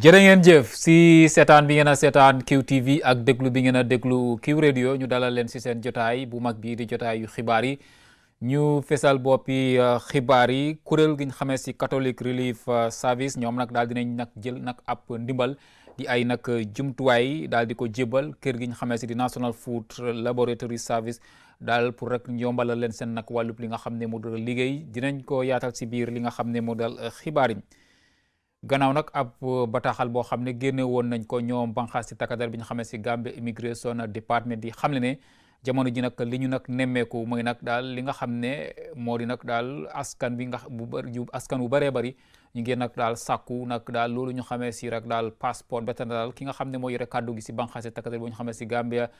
jërë ngeen jëf si seetaan bi ngeen a seetaan QTV ak déglu bi ngeen a déglu Q Radio ñu dalal leen si seen jotaay bu mag bii di jotaay yu xibaar yi ñu fesal boppi euh, xibaar yi kuréel gi ñu xamee si Catholic Relief euh, Service ñoom nag daal dinañ nag jël nag ap ndimbal di ay nag jumtuwaay daal di ko jébal kër gi ñu xamee si di National Food Laboratory Service daal pour rek yombalal leen seen nag wàllub li nga xam ne moo dal liggéey dinañ ko yaatal si biir li nga xam ne moo dal euh, xibaar yi. gannaaw nag ab euh, bataaxal boo xam ne génne woon nañ ko ñoom banqaas si takadar bi ñu xamee si Gambia Immigration Department di xam ne ne jamono ji nag li ñu nag nemmeeku mooy nag daal li nga xam ne moo di nag daal askan bi nga bu bëri askan bu bëree bëri ñu ngeen nag daal sàkku nag daal loolu ñu xamee si rek daal passeport ba daal ki nga xam ne moo yore kàddu gi si banqaas si takadar bi ñu xamee si Gambia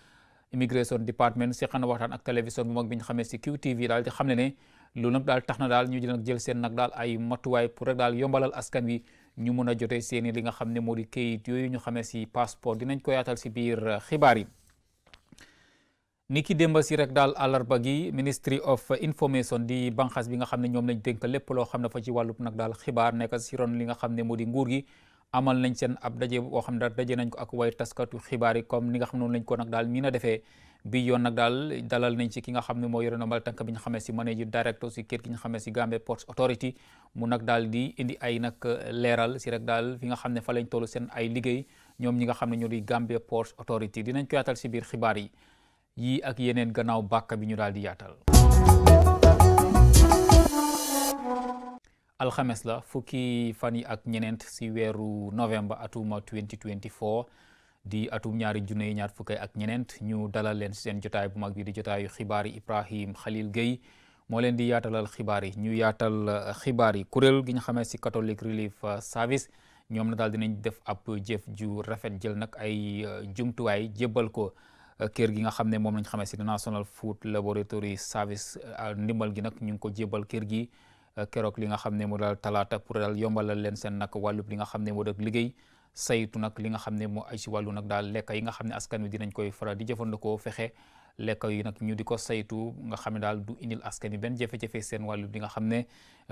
Immigration Department si xana waxtaan ak télévision bu mag bi ñu xamee si QTV daal di xam ne ne loolu nag daal tax na daal ñu jël nag jël seen nag daal ay matuwaay pour rek daal yombalal askan wi ñu mun a jotee seeni li nga xam ne moo di kayit yooyu ñu xamee si passeport dinañ ko yaatal si biir euh, xibaar yi niki démba si rek daal àllarba gi ministry of information di banxaas bi nga xam ne ñoom lañ dénk lépp loo xam ne fa ci wàllub nag daal xibaar nekk si ron li nga xam ne moo di nguur gi amal nañ seen ab daje boo xam ne daje nañ ko ak way taskatu xibaar yi comme ni nga xam ne noonu lañ ko nag daal miin a defee bi yoon nag daal dalal nañ ci ki nga xam ne moo yore ndombal tànk bi ñu xamee si manager director si kër gi ñu xamee si Gambia Ports Authority mu nag daal di indi ay nag leeral si rek daal fi nga xam ne fa lañ toll seen ay liggéey ñoom ñi nga xam ne ñoo di Gambia Ports Authority dinañ ko yaatal si biir xibaar yi yii ak yeneen gannaaw bàkk bi ñu daal di yaatal alxames la fukki fan yi ak ñeneent si weeru novembre atuma 2024 di atu ñaari junne yi ñaar fukkee ak ñeneent ñu dalal leen seen jotaay bu mag bi di jotaayu xibaar yi Ibrahim Khalil Gueye moo leen di yaatalal xibaar yi ñu yaatal uh, xibaar yi kuréel gi nga xamee si Catholic Relief uh, Service ñoom na daal dinañ def ab jëf ju rafet jël nag ay uh, jumtuwaay jébbal ko kër gi nga xam ne moom lañ xamee si National Food Laboratory Service ndimbal gi nag ñu ngi ko jébbal kër gi keroog li nga xam ne moo daal talaata pour daal yombalal leen seen nag wàllub li nga xam ne moo liggéey saytu nag li nga xam ne moo ay ci wàllu nag daal lekk yi nga xam ne askan wi dinañ koy faral di jëfandikoo fexe lekk yi nag ñu di ko saytu nga xam ne daal du indil askan wi benn jafe seen wàllub li nga xam ne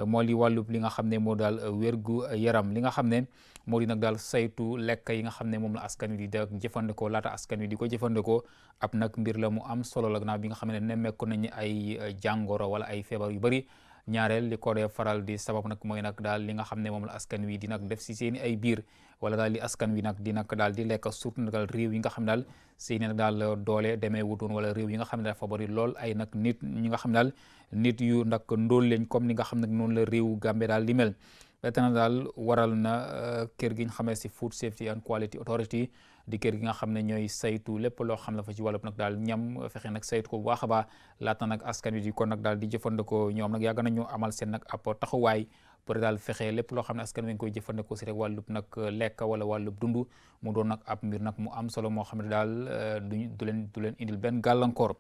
moo li wàllub li nga xam ne moo daal wérgu yaram li nga xam ne moo di nag daal saytu lekk yi nga xam ne moom la askan wi di da jëfandikoo laata askan wi di ko jëfandikoo ab nag mbir la mu am solo la nag bi nga xam ne nemmeeku nañu ay jàngoro wala ay feebar yu bari ñaareel li ko faral di sabab nag mooy nag daal li nga xam ne moom la askan wi di def si seen ay biir wala daal li askan wi nag di nag daal di lekk surtout daal réew yi nga xam ne daal seen nag daal doole demee wutoon wala réew yi nga xam ne dafa bari lool ay nag nit ñi nga xam ne daal nit yu nag ndóol leen comme ni nga xam ne noonu la réewu Gambie daal di mel. ba daal waral na euh, kër gi ñu xamee si Food Safety and Quality Authority. di kër gi nga xam ne ñooy saytu lépp loo xam ne fa ci wàllub nag daal ñam fexe nag saytu ko bu baax a baax laata nag askan wi di kon nag daal di jëfandikoo ñoom nag yàgg nañu amal seen nag ab taxawaay pour daal fexe lépp loo xam ne askan wi ngi koy jëfandikoo si rek wàllub nag lekk wala wàllub dund mu doon nag ab mbir nag mu am solo moo xam ne daal euh, duñ du leen du leen indil benn gàllankoor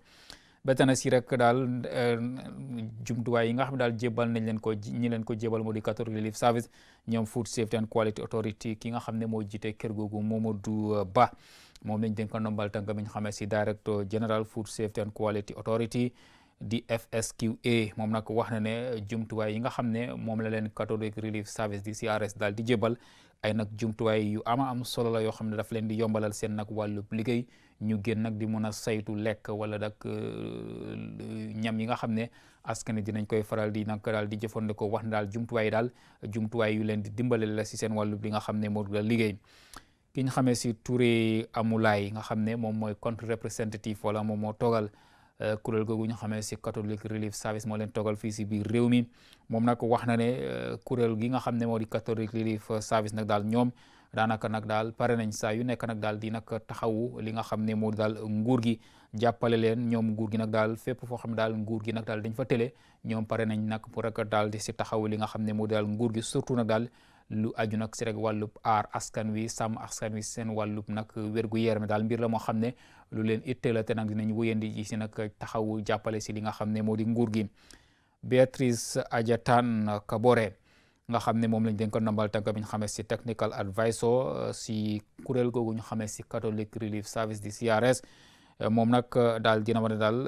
ba tana si rek daal eh, jumtuwaay yi nga xam daal jébal nañ leen ko ñi leen ko jébal moo di Catholic Relief Service ñoom Food Safety and Quality Authority ki nga xam ne moo jiite kër googu Momodou eh, Ba moom lañ dénk ndombal tànk bi ñu xamee si Director General Food Safety and Quality Authority di FSQA moom nag wax na ne jumtuwaay yi nga xam ne moom la leen Catholic Relief Service di CRS daal di jébal ay nag jumtuwaay yu ama am solo la yoo xam ne daf leen di yombalal seen nag wàllu liggéey ñu gën nag di mun a saytu lekk wala nag euh, ñam yi nga xam ne askan dinañ koy faral di nag daal di jëfandikoo wax ne daal jumtuwaay daal jumtuwaay yu leen di dimbaleel la si seen wàllu li nga xam ne moo la liggéey ki ñu xamee si Touré Amoulaye nga xam ne moom mooy contre représentative wala moom moo toogal euh, kuréel googu ñu xamee si Catholic Relief Service moo leen toogal fii si biir réew mi moom nag wax na ne euh, kuréel gi nga xam ne moo di Catholic Relief Service nag daal ñoom. daanaka nag daal pare nañ saa yu nekk nag daal di nag taxawu li nga xam ne moo daal nguur gi jàppale leen ñoom nguur gi nag daal fépp foo xam ne daal nguur gi nag daal dañ fa télé ñoom pare nañ nag pour rek daal di si taxaw li nga xam ne moo daal nguur gi surtout nag daal lu aju nag si rek wàllub aar askan wi sàmm askan wi seen wàllub nag wér-gu-yaram daal mbir la moo xam ne lu leen itteel te nag dinañ wéyandi ji si nag taxawu jàppale si li nga xam ne moo di nguur gi Beatrice Adja Kabore nga xam ne moom lañ dénk ko nambal tànk bi ñu xamee si technical advisor si euh, kuréel googu ñu xamee si Catholic Relief Service di CRS euh, moom nag euh, daal dina wane daal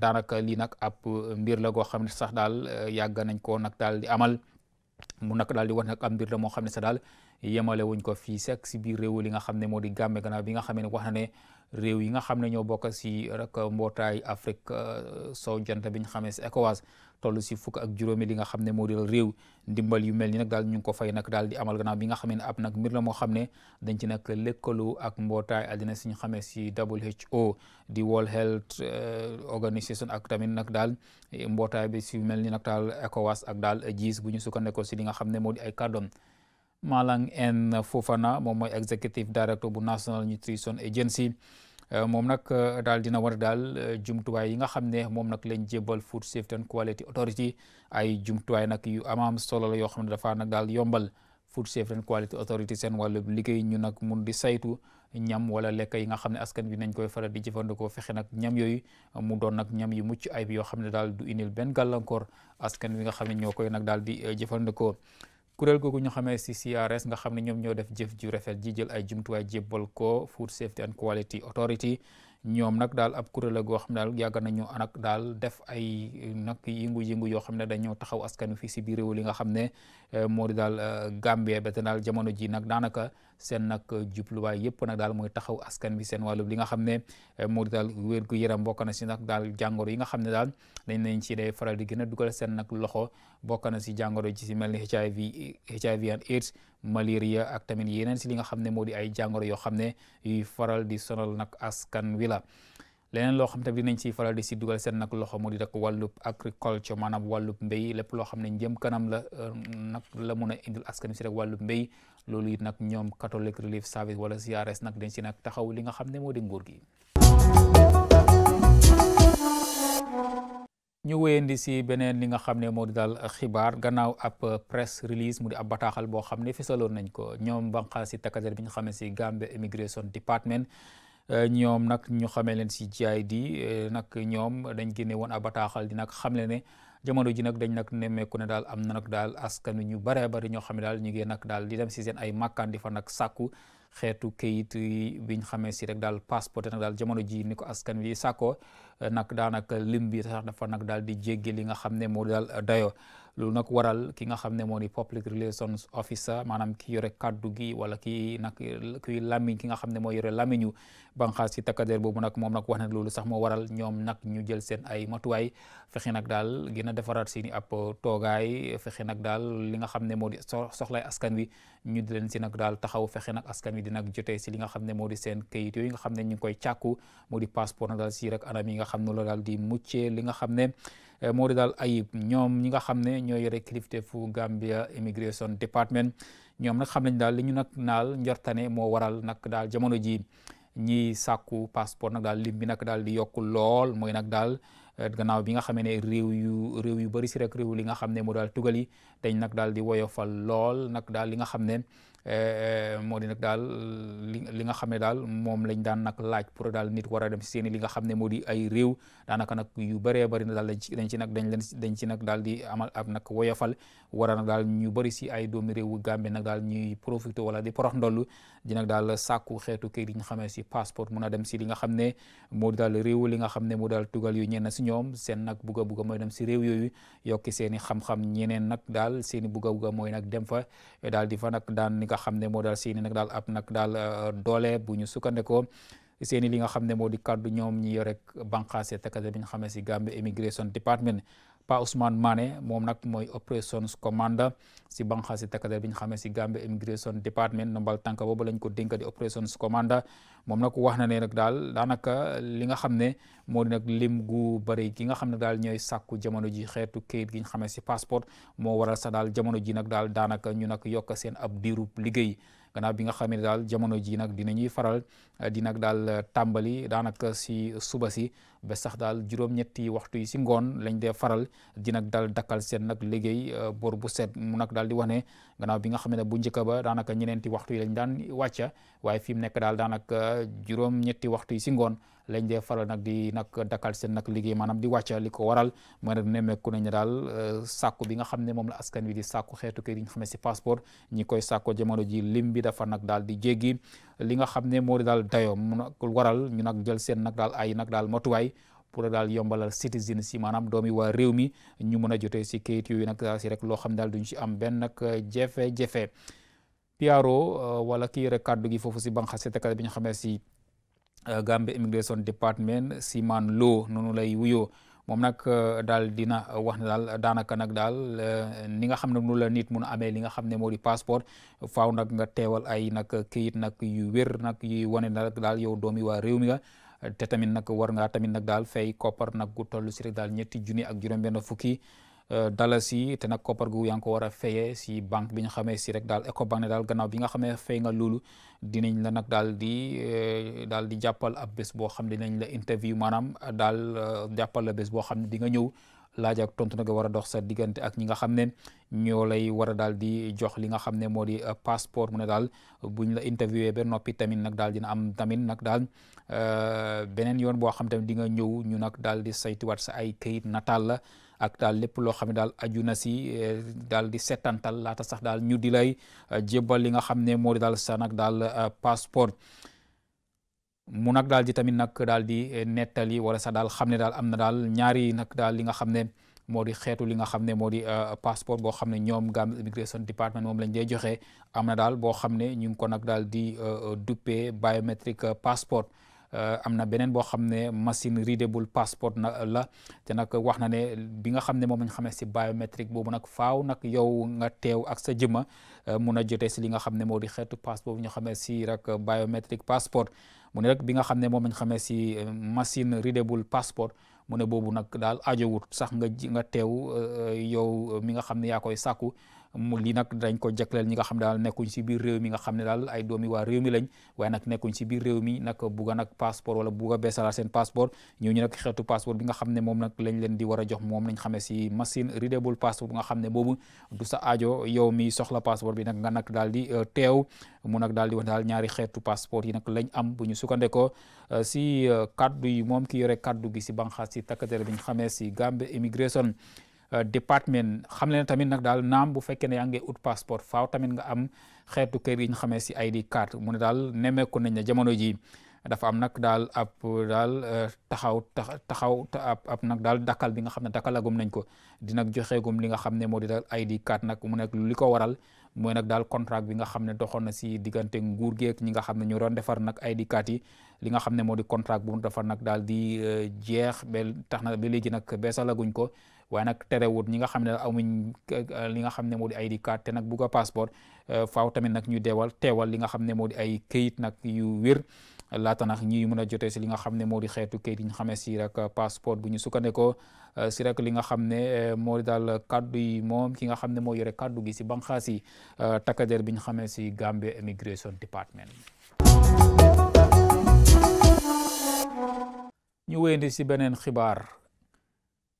daanaka li nag ab mbir la goo xam ne sax daal yàgg nañ ko nag daal di amal mu nag daal di wane nag ab mbir la moo xam ne sax daal yemale wuñ ko fii sek si biir réew li nga xam ne moo di Gàmbi gannaaw bi nga xam ne wax na réew yi nga xam ne ñoo bokk si rek mbootaay Afrique euh, sow jant bi ñu xamee si ECOWAS toll si fukk ak juróomi li nga xam ne moo di réew ndimbal yu mel ni nag daal ñu ngi ko fay nag daal di amal gannaaw bi nga xam ne ab nag mbir moo xam ne dañ ci nag lëkkaloo ak mbootaay àddina si ñu xamee si WHO di World Health euh, Organisation ak tamit nag daal mbootaay bi si mel ni nag daal ECOWAS ak daal gis bu ñu sukkandekoo si li nga xam ne moo di ay kàddoom Malang N Fofana moom mooy executive director bu National Nutrition Agency euh, moom nag euh, daal dina war daal euh, jumtuwaay yi nga xam ne moom nag lañ jébbal Food Safety and Quality Authority ay jumtuwaay nag yu amaam solo la yoo xam ne dafa nag daal yombal Food Safety and Quality Authority seen wàllu liggéey ñu nag mun di saytu ñam wala lekk yi nga xam ne askan bi nañ koy faral di jëfandikoo fexe nag ñam yooyu mu doon nag ñam yu mucc ayib yoo xam ne daal du indil benn gàllankoor askan wi nga xam ne ñoo koy nag daal di jëfandikoo. kuréel googu ñu xamee si CRS nga xam ne ñoom ñoo def jëf ju rafet ji jël ay jumtuwaay jébbal ko Food Safety and Quality Authority ñoom nag daal ab kuréel la goo xam ne daal yàgg nañu nag daal def ay nag yëngu-yëngu yoo xam ne dañoo taxaw askanu fii si biir li nga xam ne eh, moo di daal eh, Gambie ba te daal jamono ji nag daanaka seen nag jubluwaay yëpp nag daal mooy taxaw askan wi seen wàllu li nga xam ne eh, moo daal wér gu yaram bokk na si nag daal jàngoro yi nga xam ne daal dañ nañ ci day faral di gën a dugal seen nag loxo bokk na si jàngoro ji si mel ni HIV HIV and AIDS malaria ak tamit yeneen si li nga xam ne moo di ay jàngoro yoo xam ne yuy faral di sonal nag askan wi leneen loo xam tamit dinañ si faral di si dugal seen nag loxo mu di rek wàllub agriculture maanaam wàllub mbéy lépp loo xam ne jëm kanam la euh, nag la mun a indil askan si rek wàllub mbéy loolu it nag ñoom Catholic Relief Service wala CRS nag dañ si nag taxaw li nga xam ne moo di nguur gi ñu wéyandi si beneen li nga xam ne moo di daal xibaar gannaaw ab press release mu di ab bataaxal boo xam ne fisaloon nañ ko ñoom banqaas si takkader bi ñu xam ne si Gambia Immigration Department Euh, ñoom nag ñu xamee leen si GID euh, nag ñoom dañ génne woon a bataaxal di nag xamle ne jamono ji nag dañ nak nemmeeku ne daal am na nag daal askan wi ñu baree bari ñoo xam ne daal ñu ngi nag daal di dem si seen ay makkaan fa nag sàkku xeetu kayit bi ñu xamee si rek daal passeport nag daal jamono ji ni ko askan wi sàkkoo eh, nag daanaka lim bi sax dafa nag daal di jéggi li nga xam ne moo daal dayo loolu nag waral ki nga xam ne moo di public relations officer maanaam ki yore kaddu gi wala ki nag kuy lamiñ ki nga xam ne moo yore lamiñu banqaas si takkadeer boobu nag moom nag wax na loolu sax moo waral ñoom nag ñu jël seen ay matuwaay fexe nag daal gën a defaraat si i ab toogaay fexe nag daal li nga xam ne moo di soxlay askan wi ñu di bi dina jotee si li nga xam ne moo di seen kayit yooyu nga xam ne ñu koy càkku moo di passeport na daal si rek anam yi nga xam ne la daal di muccee li nga xam ne eh, moo di daal ayib ñoom ñi nga xam ne ñoo yore kilifteefu Gambia Immigration Department ñoom nag xam nañ daal li ñu nag naal njortane moo waral nag daal jamono ji ñiy sàkku passeport nag daal lim bi nag daal di yokku lool mooy nag daal Euh, gannaaw bi nga xamee ne réew yu réew yu bëri si rek réew li nga xam ne moo daal tugal yi dañ nag daal di woyofal lool nag daal li nga xam ne euh, moo di nag daal li li nga xam ne daal moom lañ daan nag laaj pour daal nit war a dem si seen li nga xam ne moo di ay réew daanaka nag yu bëree bëri na daal dañ ci dañ ci nag dañ leen dañ ci nag daal di amal ab nag woyofal war a nag ñu bëri si ay doomi réewu Gambie nag daal ñuy profité wala di porox ndollu di nag daal sàkku xeetu këyit yi nga xamee si passeport mun a dem si li nga xam ne moo daal réew li nga xam ne moo daal tugal yu ñenn si ñoom seen nag bugg a bugg mooy dem si réew yooyu yokki seen i xam-xam ñeneen nag daal seeni i bugg mooy nag dem fa daal di fa nag daal li nga xam ne moo daal seen i nag daal ab nag daal euh, doole bu ñu sukkandekoo seen i li nga xam ne moo di kàddu ñoom ñi yore banqaase takkate bi nga xam ne si Gambia Immigration Department Pa Ousmane Mané moom nag mooy operations command si banxaasi takkader bi ñu xamee si Gambia immigration department nombal tànk boobu lañ ko dénk di operations command moom nag wax na ne nag daal daanaka li nga xam ne moo di nag lim gu bari ki nga xam ne daal ñooy sàkku jamono ji xeetu kayit gi ñu xamee si passeport moo waral sax daal jamono ji nag daal daanaka ñu nag yokk seen ab diirub liggéey gannaaw bi nga xamee ne daal jamono ji nag dinañuy faral eh, di nag daal eh, tàmbali daanaka si suba si ba sax daal juróom-ñetti waxtu yi si ngoon lañ dee faral dinak nag daal dakkal seen nag liggéey eh, bor bu set mu nag daal di wax ne gannaaw bi nga xam ne bu njëkk ba daanaka ñeneenti waxtu yi lañ daan wàcca waaye fi mu nekk daal daanaka juróom-ñetti waxtu yi si ngoon lañ dee faral nag di nag dakkal seen nag liggéey maanaam di wàcca li waral mooy nag nemmeeku nañ daal euh, sàkku bi nga xam ne moom la askan wi di sàkku xeetu kër yi nga si passeport ñi koy sàkko jamono ji lim bi dafa nag daal di jéggi li nga xam ne moo di daal dayoo mu nag waral ñu nag jël seen nag daal ay nag daal matuwaay pour daal yombalal citizen si maanaam doom yi waa réew mi ñu mën a jotee si kayit yooyu nag si rek loo xam ne daal duñ si am benn nag jafe-jafe piaro euh, wala kii rek kàddu gi foofu si banque setekal bi ñu xamee si Euh, Gambia Immigration Department Siman Lo noonu lay wuyoo moom nag euh, daal dina euh, wax ne daal daanaka nag daal ni nga xam ne nu la nit mun a amee li nga xam ne moo di passeport faaw nag nga teewal ay nag këyit nag yu wér nag yuy wane nag daal yow doomi waa réew mi nga te tamit nag war ngaa tamit nag daal fay koppar nag gu toll si rek daal ñetti junni ak juróom fukki dalasi te nag koppar gu yaa ngi ko war a fayee si banque bi ñu xamee si rek daal Ecobank ne daal gannaaw bi nga xamee nga loolu dinañ la nag daal di eh, daal di jàppal ab bés boo xam ne dinañ la interview maanaam daal eh, jàppal bés boo xam ne di nga ñëw laaj ak tontu nag war a dox sa diggante ak ñi nga xam ne ñoo lay war a daal di jox li nga xam ne moo di eh, passeport mu ne daal buñ la interviewé ba noppi tamit nag daal dina am tamit nag daal beneen yoon boo xam tamit di nga ñëw ñu nag daal di saytuwaat sa ay kayit nataal la ak daal lépp loo xam ne daal aju na si eh, daal di settantal laata sax daal ñu di lay eh, jébbal li nga xam ne moo di daal sa nag daal eh, passeport mu nag daal di tamit nag daal di nettali wala sax daal xam ne daal am na daal ñaari nag daal li nga xam ne moo di xeetu li nga xam ne moo di passeport boo xam ne ñoom Gambia Immigration Department moom lañ dee joxe am na daal boo xam ne ñu ngi ko nag daal di duppee biometric passeport Euh, am na beneen boo xam ne machine readable passport na la te nag wax na ne bi nga xam ne moom lañ xame si biométrique boobu nag faaw nag yow nga teew ak sa jëma euh, mun a jotee si li nga xam ne moo di xeetu passeport bi ñu xamee si rek biométrique passeport mu ne rek bi nga xam ne moom lañ xamee si euh, machine readable passport mu ne boobu nag daal ajowut sax nga nga teew yow mi nga xam ne yaa koy sàkku mu lii nag dañ ko jagleel ñi nga xam ne daal nekkuñ si biir réew mi nga xam ne daal ay doomi waa réew mi lañ waaye nag nekkuñ si biir réew mi nag bugga nag passeport wala bugga beesalaat seen passeport ñooñu nag xeetu passeport nga xam ne moom nag lañ leen di war a jox moom xam xamee si machine readable passeport bi nga xam ne boobu du sa ajo yow mi soxla passeport bi nag nga nag daal di euh, teew mu nag daal di wax daal ñaari xeetu passeport yi nag lañ am bu ñu sukkandekoo si euh, euh, kaddu yi moom ki yore kaddu gi si banxaas si takkatere bi ñu xamee si Gambia Immigration Euh, département xam leen tamit nag daal naam bu fekkee ne yaa ngi ut passeport faaw tamit nga am xeetu kër yi ñu xamee si ID card mu ne daal nemmeeku nañ ne jamono ji dafa am nag daal ab daal euh, taxaw taxaw ab nag daal dakal bi nga xam ne dakkalagum nañ ko di nag joxeegum li nga xam ne moo di daal ID card nag mu nekk li ko waral mooy nag daal contrat bi nga xam ne doxoon na si diggante nguur gi ñi nga xam ne ñu doon defar nag ID card yi li nga xam ne moo di contrat bu mu defar nag daal di euh, jeex tax na ba léegi nag beesalaguñ ko. waaye nag terewut ñi nga xam ne amuñ li nga xam ne moo di ay ID card te nag bugg a passeport euh, faaw tamit nag ñu deewal teewal li nga xam ne moo di ay këyit nag yu wér laata nag ñi mun a jotee si li nga xam ne moo di xeetu këyit yi ñu xamee si rek passeport bu ñu sukkandikoo euh, si rak li nga xam ne euh, moo daal kaddu yi moom ki nga xam ne moo yore kaddu gi si banqaas yi takkadeer bi ñu xamee si Gambia Immigration Department. ñu wéyandi si beneen xibaar.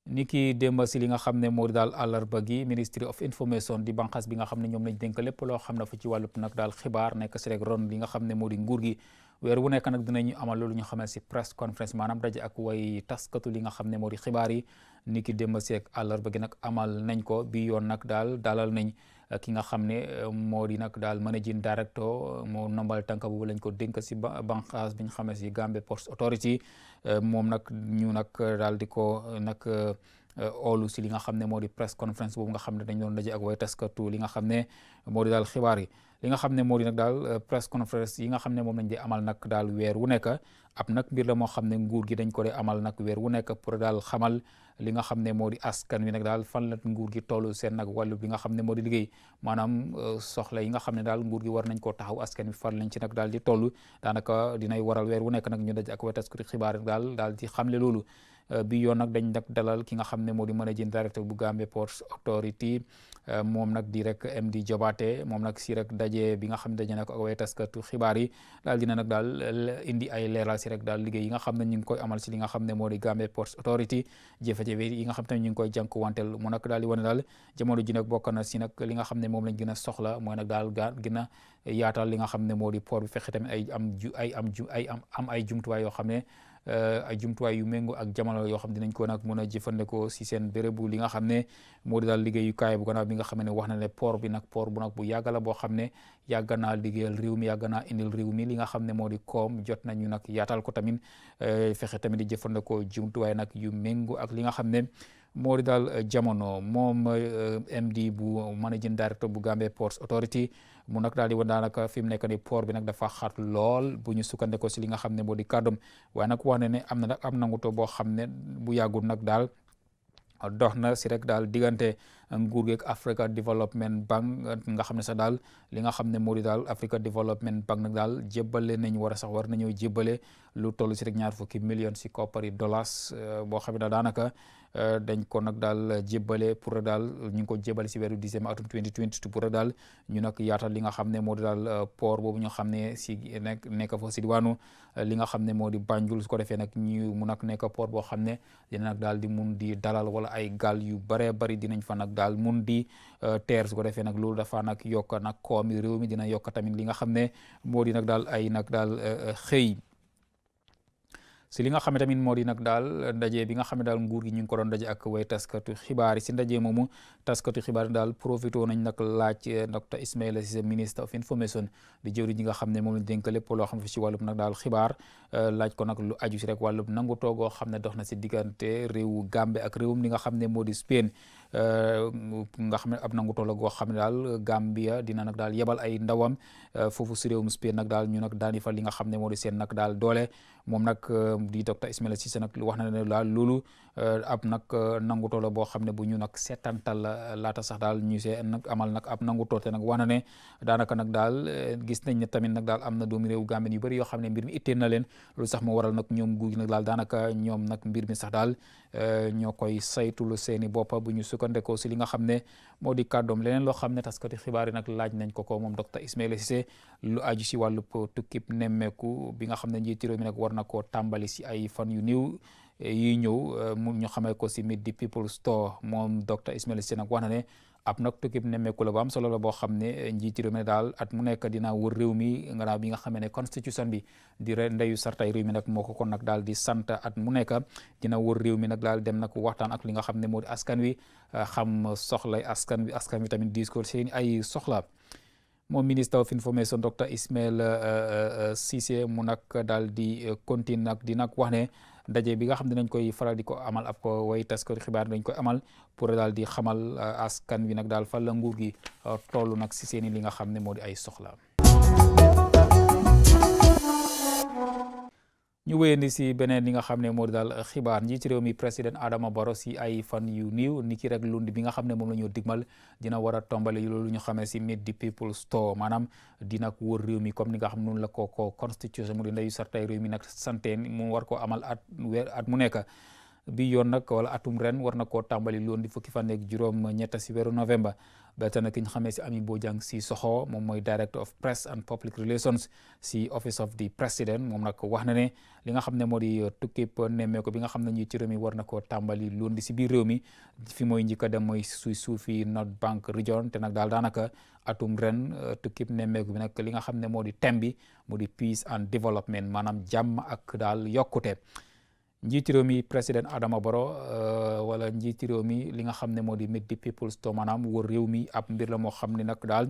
ni ki démb si li nga xam ne moo di daal àllarba gi ministry of information di banqaas bi nga xam ne ñoom lañ dénk lépp loo xam ne fa ci wàllub nag daal xibaar nekk si rek ron li nga xam ne moo di nguur gi weer wu nekk nag dinañu amal loolu ñu xamal si press conference maanaam daje ak way taskatu li nga xam ne moo di xibaar yi niki démb seeg àllarba nag amal nañ ko bi yoon nag daal dalal nañ uh, ki nga xam ne uh, moo di nag daal managing director uh, moo nambal tànk boobu lañ ko dénk si banqaas bi ñu xamee si Gambia Ports Authority moom nag ñu nag daal di ko nag. Euh, olu si li nga xam ne moo di press conference boobu nga xam ne dañ doon daje ak way taskatu li nga xam ne moo daal xibaar yi li nga xam ne moo di nag daal euh, press conference yi nga xam ne moom lañ di amal nag daal weer wu nekk ab nag mbir la moo xam ne nguur gi dañ ko dee amal nag weer wu nekk pour daal xamal li nga xam ne moo di askan wi nag daal fan la nguur gi toll seen nag wàllu bi nga xam ne moo di liggéey maanaam euh, soxla yi nga xam ne daal nguur gi war nañ koo taxaw askan wi fan lañ ci nag daal di toll daanaka dinay waral weer wu nekk nag ñu daj ak wetas ku daal daal di xamle loolu Euh, bi yoon nag dañ nag dalal ki nga xam ne moo di managing director bu Gambia Ports Authority euh, mom nag di rek MD Jobate moom nag si rek daje bi nga xam ne daje nag ak way taskatu xibaar yi daal dina nag daal indi ay leeral si daal liggéey yi nga xam ne ñu ngi koy amal si li nga xam ne moo di Gambia Ports Authority jafe-jafe yi nga xam ne ñu ngi koy jànkuwanteel mu nag daal di wane daal jamono ji nag bokk na si nag li nga xam ne moom lañ gën a soxla mooy nag daal gaa gën a li nga xam ne moo di port bi fexe tamit ay am ju ay am ju ay am am ay jumtuwaay yoo xam ne Euh, a jumtuwaay yu méngoo ak jamono yoo xam dinañ ko nag mën a jëfandikoo si seen bérébu li nga xam ne moo di daal liggéeyukaay bu gannaaw bi nga xam ne wax na ne port bi nag port bu nag bu yàgg la xam ne yàgg naa liggéeyal réew mi yàgg naa indil réew mi li nga xam ne moo di koom jot nañu nag yaatal ko tamit euh, fexe tamit di jëfandikoo jumtuwaay nag yu méngoo ak li nga xam ne moo daal eh, jamono moom eh, MD bu managing director bu Gambia Ports Authority mu nag daal di woon daanaka fi mu nekk ni port bi nag dafa xat lool bu ñu sukkandikoo si li nga xam ne moo di kàddoom waaye nag wax na ne am na nag am nanguto boo xam ne bu yàggul nag daal dox na si rek daal diggante nguur geeg Africa Development Bank nga xam ne sax daal li nga xam ne moo di daal Africa Development Bank nag daal jébbale nañ war a sax war nañoo jébbale lu toll si rek ñaar fukki million si koppari dollars eh, boo xam ne daanaka Euh, dañ ko nag daal jébbale pour daal ñu ngi ko jébbale si weeru décembre atum 2022 pour daal ñu nag yaatal li nga xam ne moo di daal euh, port boobu ñu xam ne si nekk nekk fa si diwaanu euh, li nga xam ne moo di Banjul su ko defee nag ñu mu nag nekk port boo xam ne dina daal di mun di dalal wala ay gaal yu bëree bëri dinañ fa nag daal mun di teer su ko defee nag loolu dafa nag yokk nag koomi réew mi dina yokk tamit li nga xam ne moo di nag daal ay nag daal xëy si li nga xam ne tamit moo di nag daal ndaje bi nga xam ne daal nguur gi ñu ngi ko doon daje ak way taskatu xibaar yi si ndaje moomu taskatu xibaar daal profité nañ nag laaj eh, docteur Ismaïla Cissé ministre of information di jëwri ñi nga xam ne moom lañ loo xam ne si wàllum nag daal xibaar eh, laaj ko nag lu aju si rek wàllum nangu toogoo xam ne dox na si diggante réewu Gambie ak réewum li nga xam ne moo di Spain eh, nga xam ne ab nangu toog goo xam ne daal Gambia dina nag daal yebal ay ndawam foofu si réewum Spain nag daal ñu nag daani fa li nga xam ne moo di seen nag daal doole moom nag euh, di docteur Ismaila Cissé nag wax na ne daal loolu euh, ab nag euh, nangutoo la boo xam ne bu ñu nag setantal laata sax daal ñu see nag amal nag ab nangutoo te nag wax na ne daanaka nag daal gis nañ ne tamit nag daal am na doomi réewu Gambie yu bari yoo xam ne mbir mi itteel na leen loolu sax mo waral nag ñoom guur gi nag daal daanaka ñoom nag mbir mi sax daal Euh, ñoo koy saytulu seeni boppa bu ñu sukkandekoo si li nga xam ne moo di kàddoom leneen loo xam ne taskati xibaar yi nag laaj nañ ko ko moom docteur Ismaila se lu aju si po tukkib nemmeeku bi nga xam ne njiitu réew mi nag war na koo tàmbali si ay fan yu niw eh, yi ñëw eh, mu ñu xamee ko si Midi People Store moom docteur Ismaila Cissé nag wax na ne ab nag tukkib nemmeeku la bu am solo la boo xam ne eh, njiiti réew daal at mu nekk dinaa wër réew mi gannaaw bi nga xamee ne constitution bi di ndeyu sartay réew mi nag moo ko kon nag daal di sant at mu dina wër réew mi nag daal dem nag waxtaan ak li nga xam ne moo di askan wi eh, xam soxlay askan wi askan wi tamit discours seen ay soxla moom ministre of information docteur Ismail eh, Cissé mu nag daal di continue nag di nag wax daje bi nga xam ne dañ koy faral di ko amal ab ko way taskati xibaar dañ koy amal pour daal di xamal euh, askan wi nag daal fa la nguur gi euh, toll nag si seen li nga xam ne moo di ay soxla ñu wéyandi si beneen li nga xam ne moo di daal xibaar njiit réew mi président Adama Barrow si ay fan yu néew ni ki rek lund bi nga xam ne moom la ñu digmal dina war a tombale loolu ñu xamee si Meet the People Store maanaam dina ko wër réew mi comme ni nga xam noonu la ko ko constitution mu di ndeyu sartay réew mi nag santeen mu war ko amal at weer at mu nekk bi yoon nag wala atum ren war na koo tàmbali loon di fukki fan ak juróom ñetta si weeru novembre ba tey nag ki ñu xamee si Ami Bojang si Soxo moom mooy director of press and public relations si office of the president moom nag wax na ne li nga xam ne moo di tukkib nemmeeku bi nga xam ne ñi ci réew mi war na ko tàmbali lundi si biir réew mi fi mooy njëkk a dem mooy suy suufi North Bank region te nag daal daanaka atum ren uh, tukkib nemmeeku bi nag li nga xam ne moo di thème bi moo di peace and development maanaam jàmm ak daal yokkute. njiiti réew mi président Adama Barrow euh, wala njiiti réew mi li nga xam ne moo di meet people to maanaam wor réew mi ab mbir la moo xam ne nag daal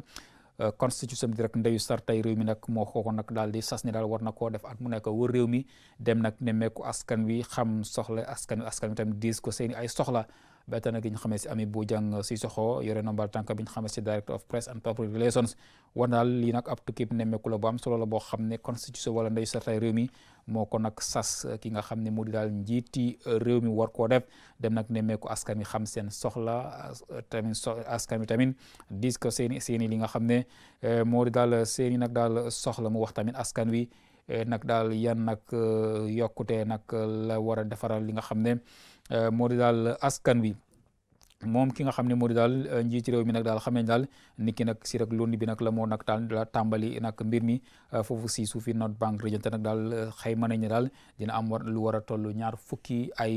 euh, constitution bi rek ndeyu sartay réew mi nag moo ko nag daal di sas ni daal war na koo def at mu nekk wër réew mi dem nag nemmeeku askan wi xam soxla askan wi askan wi tamit diis ko seeni ay soxla ba tey nag ñu xamee si Ami Bojang Sissoko yore no tànk bi ñu xamee si director of press and public relations war daal lii nag ab tukki nemmeeku la bu am solo la boo xam ne constitution wala ndey sartay réew mi moo ko nag sas ki nga xam ne moo di daal njiiti réew mi war koo def dem nag nemmeeku askan wi xam seen soxla tamit so askan wi tamit dis ko seen i li nga xam ne eh, moo di daal seen i nag daal soxla mu wax tamit askan wi eh, nag daal yan nag eh, yokkute nag la war a defaral li nga xam ne. Euh, moo di daal askan wi moom ki nga xam ne moo di daal euh, njiiti réew mi nag daal xam nañ daal nit ki nag si rek lundi bi nag la moo nag daal la tàmbali nag mbir mi euh, foofu si suufi North Bank Region te nag daal xayma nañ ne daal dina am lu war a toll ñaar fukki ay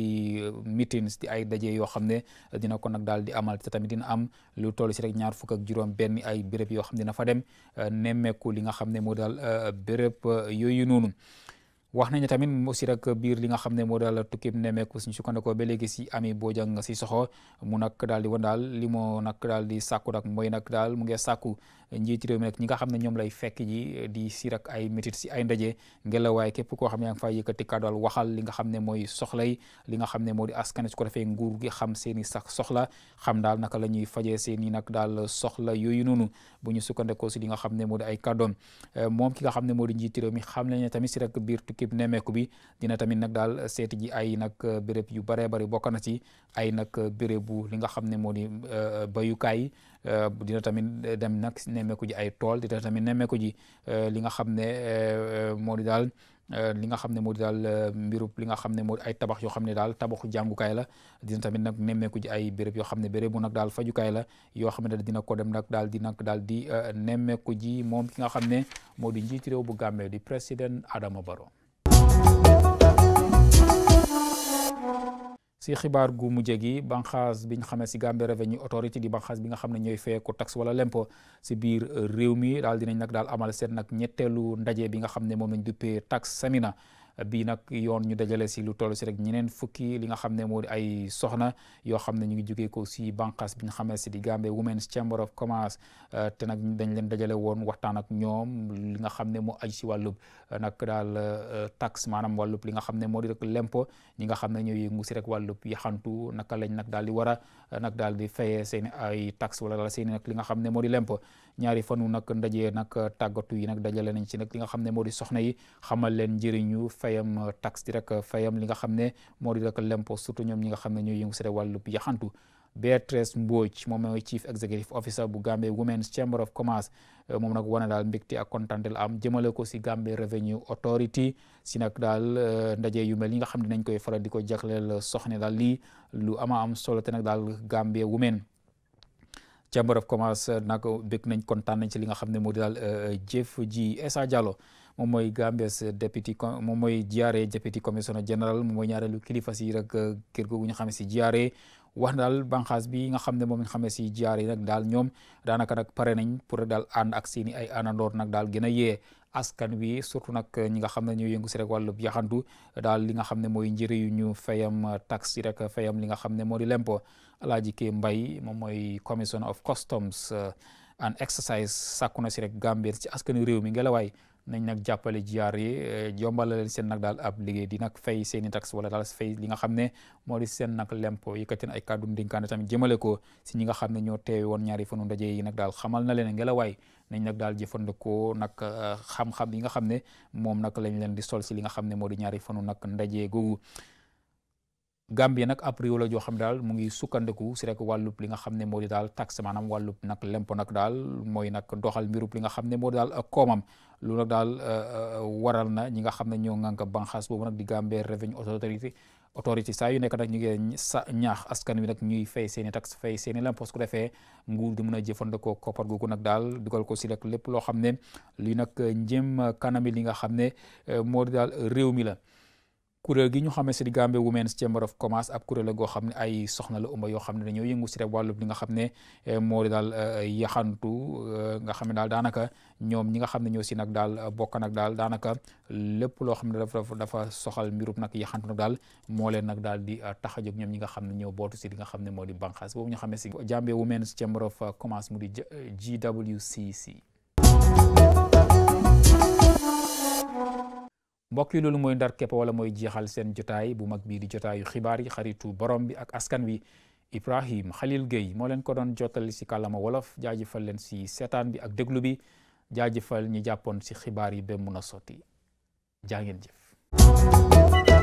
meetings di ay daje yoo xam ne dina ko nag daal di amal te tamit dina am lu toll si rek ñaar fukk ak juróom ay béréb yoo xam ne dina fa dem nemmeeku li nga xam ne moo daal béréb yooyu noonu wax nañu tamit moom aussi rek biir li nga xam ne moo daal tukkim nemeeku suñu sukkandikoo ba léegi si Ami Bojang si soxo mu nag daal di wan daal li moo nag daal di sàkku nag mooy nag daal mu ngi sàkku njiiti réew ñi nga xam ne ñoom lay fekk ji di sir ak ay métit si ay ndaje ngelawaay képp koo xam ne yaa ngi fay yëkkati kàddu waxal li nga xam ne mooy soxlay li nga xam ne moo di askan su ko defee nguur gi xam seen sax soxla xam daal naka la ñuy fajee seen i nag daal soxla yooyu noonu bu ñu sukkandekoo si li nga xam ne moo di ay kàddoom eh, moom ki nga xam ne moo di njiiti réew mi xam nañ ne tamit si rek biir tukkib nemeeku bi dina tamit nag daal seeti ji ay nag eh, béréb yu baree bari bokk na ci ay nag eh, bérébu li nga xam ne moo di bayukaay dina tamit dem nag nemmeeku ji ay tool dina tamit nemmeeku ji euh, euh, euh, li nga xam ne moo di daal li nga xam ne moo di daal mbirub li nga xam ne moo ay tabax yoo xam ne daal tabaxu jàngukaay la dina tamit nag nemmeeku ji ay béréb yoo xam ne bérébu nag daal fajukaay la yoo xam ne dina ko dem nag daal di nag daal di nemmeeku ji moom ki nga xam ne moo di njiitu réew bu Gambie di président Adama Barrow si xibaar gu mujj gi banxaas bi ñu xamee si Gambia Revenue Authority di banxaas bi nga xam ne ñooy feeku tax wala lempo si biir uh, réew mi daal dinañ nag daal amal seet nag ñetteelu ndaje bi nga xam ne moom nañ duppee tax seminar bii nag yoon ñu dajale si lu toll si rek ñeneen fukki li nga xam ne moo di ay soxna yoo xam ne ñu ngi jugee ko si bànqaas bi nga xam ne si di Gambia Women's Chamber of Commerce euh, te nag dañ leen dajale woon waxtaan ak ñoom li nga xam ne moo aju si wàllub euh, nag daal euh, taxe maanaam wàllub li nga xam ne moo di rek lempo ñi nga xam ne ñooy yëngu si rek wàllub yaxantu naka lañ nag daal di war a nag daal di fayee seen ay taxe wala seen nag li nga xam ne moo di lempo ñaari fanu nag ndaje nag tàggatu yi nag dajale nañ ci nag li nga xam ne moo di soxna yi xamal leen njëriñu fayam taxe di rek fayam li nga xam ne moo di rek lempo surtout ñoom ñi nga xam ne ñooy yëngu si wàllu yaxantu Beatrice Mbodj moom mooy chief executive officer bu Gambia Women's Chamber of Commerce moom nag wane daal mbégte ak kontaante la am jëmale ko si Gambia Revenue Authority si nag daal euh, ndaje yu mel yi nga xam ne dinañ koy faral di ko jagleel soxna daal lii lu ama am solo te nag daal Gambia Women ca bërëb commence nag bëgg nañ kontaan nañ ci li nga xam ne moo di daal euh, jëf ji Essa Diallo moom mooy Gambia's deputy moom mooy GRA deputy commissioner general moom mooy ñaareelu kilifa si rek euh, kër googu ñu xam si GRA wax daal banqaas bi nga xam ne moom xam xamee si jiyaar yi nag daal ñoom daanaka nag pare nañ pour daal ànd ak seeni ay àndandoor nag daal gën a yee askan wi surtout nag ñi nga xam ne ñoo yëngu si rek wàllu yaxantu daal li nga xam ne mooy njëri yu ñu fayam tax yi rek fayam li nga xam ne moo di lempo Alaaji Kee Mbay moom mooy commission of customs and exercise sàkku na si rek Gambie ci askanu réew mi ngelawaay nañ nag jàppale jiyaar yi eh, yombala leen seen nag daal ab liggéey di nag fay seen i tax wala daal fay li nga xam ne moo di seen nag lempo yëkkati na ay kàddu ndinkaane tamit jëmale ko si ñi nga xam ne ñoo teewe woon ñaari fanu ndaje yi nag daal xamal na leen ngelawaay nañ nag daal jëfandikoo nag eh, xam-xam yi nga xam ne moom nag lañ leen di sol si li nga xam ne moo di ñaari fanu nag ndajee googu Gambie nag ab réew la joo xam daal mu ngi sukkandiku si rek wàllub li nga xam ne moo di daal taxe maanaam wàllub nag lempo nag daal mooy nag doxal mbirub li nga xam ne moo di daal koomam loolu daal euh, euh, waral na ñi nga xam ne ñoo ngànk banxaas boobu nag di Gambie Revenue Authority autorité saa yu nekk nag ñu ngi sa ñaax askan wi nag ñuy fay seen i tax fay seen i l'impôt su ko defee nguur di a jëfandikoo koppar googu nag daal dugal ko si rek lépp loo xam ne lii nag njëm kanami li nga xam ne euh, moo daal réew mi la kuréel gi ñu xamee si di Gambia Women's Chamber of Commerce ab kuréel la goo ne ay soxna la ëmba yoo xam ne dañoo yëngu si rek wàllub li nga xam ne eh, moo di daal eh, yaxantu eh, nga xam ne daal daanaka ñoom ñi nga xam ne ñoo si nag daal bokk nag daal daanaka lépp loo xam ne dafa dafa soxal mbirub nag yaxantu nag daal moo leen nag daal di tax ñoom ñi nga xam ne ñoo bootu si li nga xam ne moo di banqaas boobu ñu xamee si Gambia Women's Chamber of Commerce mu di GWCC mbokk yi loolu mooy ndar képp wala mooy jeexal seen jotaay bu mag bii di jotaayu xibaar yi xaritu borom bi ak askan wi Ibrahim Khalil Gueye moo leen ko doon jottali si kàllaama wolof jaajëfal leen si seetaan bi ak déglu bi jaajëfal ñi jàppoon si xibaar yi ba mun a sotti jaa jëf